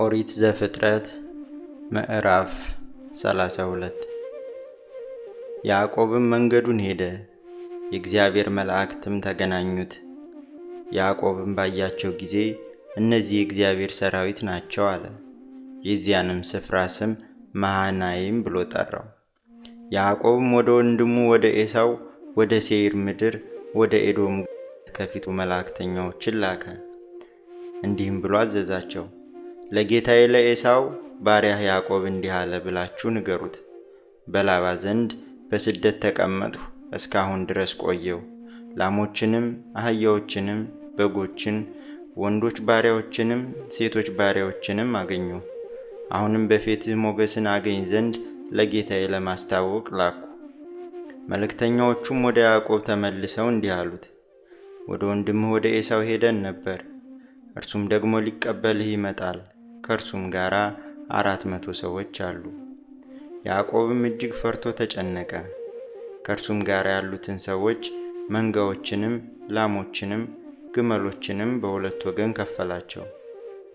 ኦሪት ዘፍጥረት ምዕራፍ 32 ያዕቆብም መንገዱን ሄደ፣ የእግዚአብሔር መላእክትም ተገናኙት። ያዕቆብም ባያቸው ጊዜ እነዚህ የእግዚአብሔር ሰራዊት ናቸው አለ። የዚያንም ስፍራ ስም መሃናይም ብሎ ጠራው። ያዕቆብም ወደ ወንድሙ ወደ ኤሳው ወደ ሴይር ምድር ወደ ኤዶም ከፊቱ መላእክተኛዎችን ላከ። እንዲህም ብሎ አዘዛቸው ለጌታዬ ለኤሳው ባሪያህ ያዕቆብ እንዲህ አለ ብላችሁ ንገሩት። በላባ ዘንድ በስደት ተቀመጥሁ፣ እስካሁን ድረስ ቆየው። ላሞችንም፣ አህያዎችንም፣ በጎችን፣ ወንዶች ባሪያዎችንም፣ ሴቶች ባሪያዎችንም አገኙ። አሁንም በፊትህ ሞገስን አገኝ ዘንድ ለጌታዬ ለማስታወቅ ላኩ። መልእክተኛዎቹም ወደ ያዕቆብ ተመልሰው እንዲህ አሉት፣ ወደ ወንድምህ ወደ ኤሳው ሄደን ነበር፣ እርሱም ደግሞ ሊቀበልህ ይመጣል ከእርሱም ጋር አራት መቶ ሰዎች አሉ። ያዕቆብም እጅግ ፈርቶ ተጨነቀ። ከእርሱም ጋር ያሉትን ሰዎች መንጋዎችንም፣ ላሞችንም፣ ግመሎችንም በሁለት ወገን ከፈላቸው።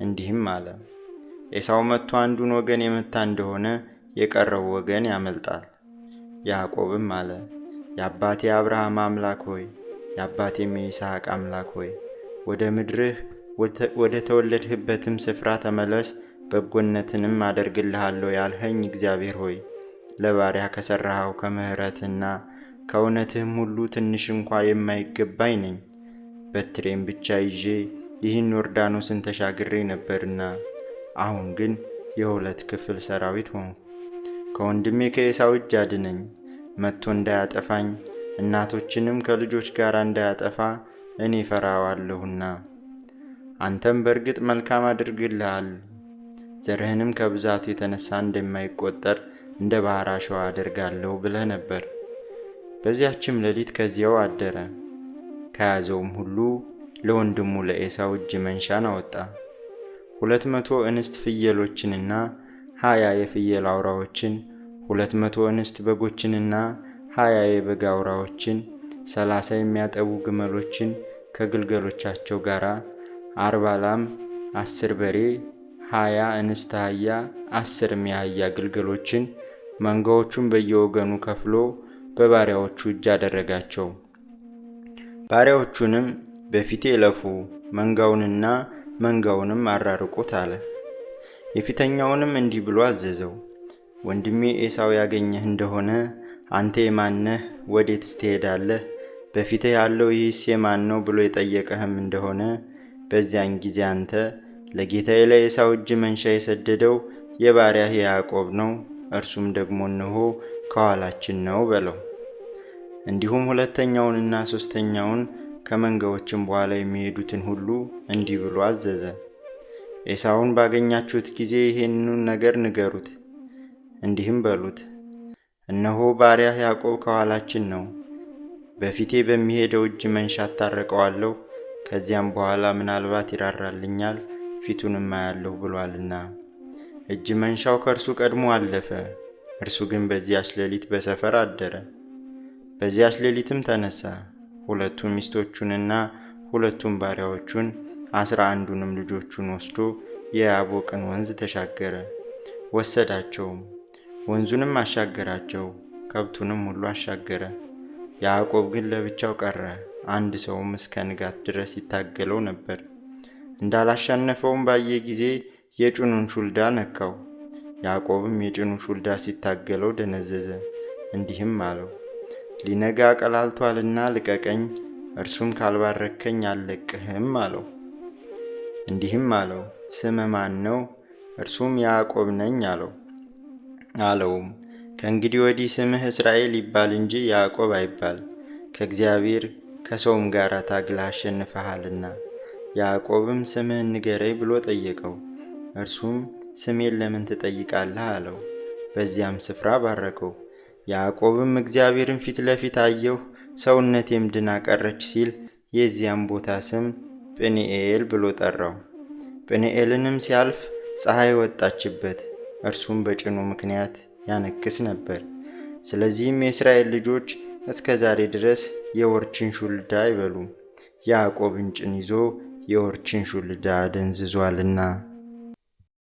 እንዲህም አለ፣ ኤሳው መጥቶ አንዱን ወገን የመታ እንደሆነ የቀረው ወገን ያመልጣል። ያዕቆብም አለ፣ የአባቴ አብርሃም አምላክ ሆይ የአባቴም የይስሐቅ አምላክ ሆይ ወደ ምድርህ ወደ ተወለድህበትም ስፍራ ተመለስ፣ በጎነትንም አደርግልሃለሁ ያልኸኝ እግዚአብሔር ሆይ ለባሪያ ከሠራኸው ከምሕረትና ከእውነትህም ሁሉ ትንሽ እንኳ የማይገባኝ ነኝ። በትሬም ብቻ ይዤ ይህን ዮርዳኖስን ተሻግሬ ነበርና፣ አሁን ግን የሁለት ክፍል ሰራዊት ሆንኩ። ከወንድሜ ከኤሳው እጅ አድነኝ፣ መጥቶ እንዳያጠፋኝ፣ እናቶችንም ከልጆች ጋር እንዳያጠፋ እኔ ፈራዋለሁና። አንተም በእርግጥ መልካም አድርግልሃል፣ ዘርህንም ከብዛቱ የተነሳ እንደማይቆጠር እንደ ባህር አሸዋ አደርጋለሁ ብለህ ነበር። በዚያችም ሌሊት ከዚያው አደረ። ከያዘውም ሁሉ ለወንድሙ ለኤሳው እጅ መንሻን አወጣ። ሁለት መቶ እንስት ፍየሎችንና ሀያ የፍየል አውራዎችን፣ ሁለት መቶ እንስት በጎችንና ሀያ የበግ አውራዎችን፣ ሰላሳ የሚያጠቡ ግመሎችን ከግልገሎቻቸው ጋር አርባ ላም፣ አስር በሬ፣ ሀያ እንስት አህያ፣ አስር ሚያህያ ግልገሎችን መንጋዎቹን በየወገኑ ከፍሎ በባሪያዎቹ እጅ አደረጋቸው። ባሪያዎቹንም በፊቴ ለፉ፣ መንጋውንና መንጋውንም አራርቁት አለ። የፊተኛውንም እንዲህ ብሎ አዘዘው፣ ወንድሜ ኤሳው ያገኘህ እንደሆነ አንተ የማነህ? ወዴትስ ትሄዳለህ? በፊትህ ያለው ይህስ የማን ነው ብሎ የጠየቀህም እንደሆነ በዚያን ጊዜ አንተ ለጌታዬ ለኤሳው እጅ መንሻ የሰደደው የባሪያህ ያዕቆብ ነው፣ እርሱም ደግሞ እንሆ ከኋላችን ነው በለው። እንዲሁም ሁለተኛውንና ሦስተኛውን ከመንጋዎችም በኋላ የሚሄዱትን ሁሉ እንዲህ ብሎ አዘዘ። ኤሳውን ባገኛችሁት ጊዜ ይህንን ነገር ንገሩት፣ እንዲህም በሉት፣ እነሆ ባሪያህ ያዕቆብ ከኋላችን ነው፣ በፊቴ በሚሄደው እጅ መንሻ አታረቀዋለሁ፣ ከዚያም በኋላ ምናልባት ይራራልኛል ፊቱንም ማያለሁ ብሏልና። እጅ መንሻው ከእርሱ ቀድሞ አለፈ። እርሱ ግን በዚያች ሌሊት በሰፈር አደረ። በዚያች ሌሊትም ተነሳ፣ ሁለቱ ሚስቶቹንና ሁለቱን ባሪያዎቹን አስራ አንዱንም ልጆቹን ወስዶ የያቦቅን ወንዝ ተሻገረ። ወሰዳቸውም፣ ወንዙንም አሻገራቸው፣ ከብቱንም ሁሉ አሻገረ። ያዕቆብ ግን ለብቻው ቀረ። አንድ ሰውም እስከ ንጋት ድረስ ይታገለው ነበር። እንዳላሸነፈውም ባየ ጊዜ የጭኑን ሹልዳ ነካው። ያዕቆብም የጭኑ ሹልዳ ሲታገለው ደነዘዘ። እንዲህም አለው፣ ሊነጋ ቀላልቷልና ልቀቀኝ፣ እርሱም ካልባረከኝ አልለቅህም አለው። እንዲህም አለው፣ ስም ማን ነው? እርሱም ያዕቆብ ነኝ አለው። አለውም ከእንግዲህ ወዲህ ስምህ እስራኤል ይባል እንጂ ያዕቆብ አይባል፣ ከእግዚአብሔር ከሰውም ጋር ታግለህ አሸንፈሃልና። ያዕቆብም ስምህን ንገረኝ ብሎ ጠየቀው። እርሱም ስሜን ለምን ትጠይቃለህ አለው። በዚያም ስፍራ ባረከው። ያዕቆብም እግዚአብሔርን ፊት ለፊት አየሁ፣ ሰውነቴም ድና ቀረች ሲል የዚያም ቦታ ስም ጵንኤል ብሎ ጠራው። ጵንኤልንም ሲያልፍ ፀሐይ ወጣችበት፣ እርሱም በጭኑ ምክንያት ያነክስ ነበር። ስለዚህም የእስራኤል ልጆች እስከ ዛሬ ድረስ የወርችን ሹልዳ አይበሉም፣ ያዕቆብ እንጭን ይዞ የወርችን ሹልዳ ደንዝዟልና።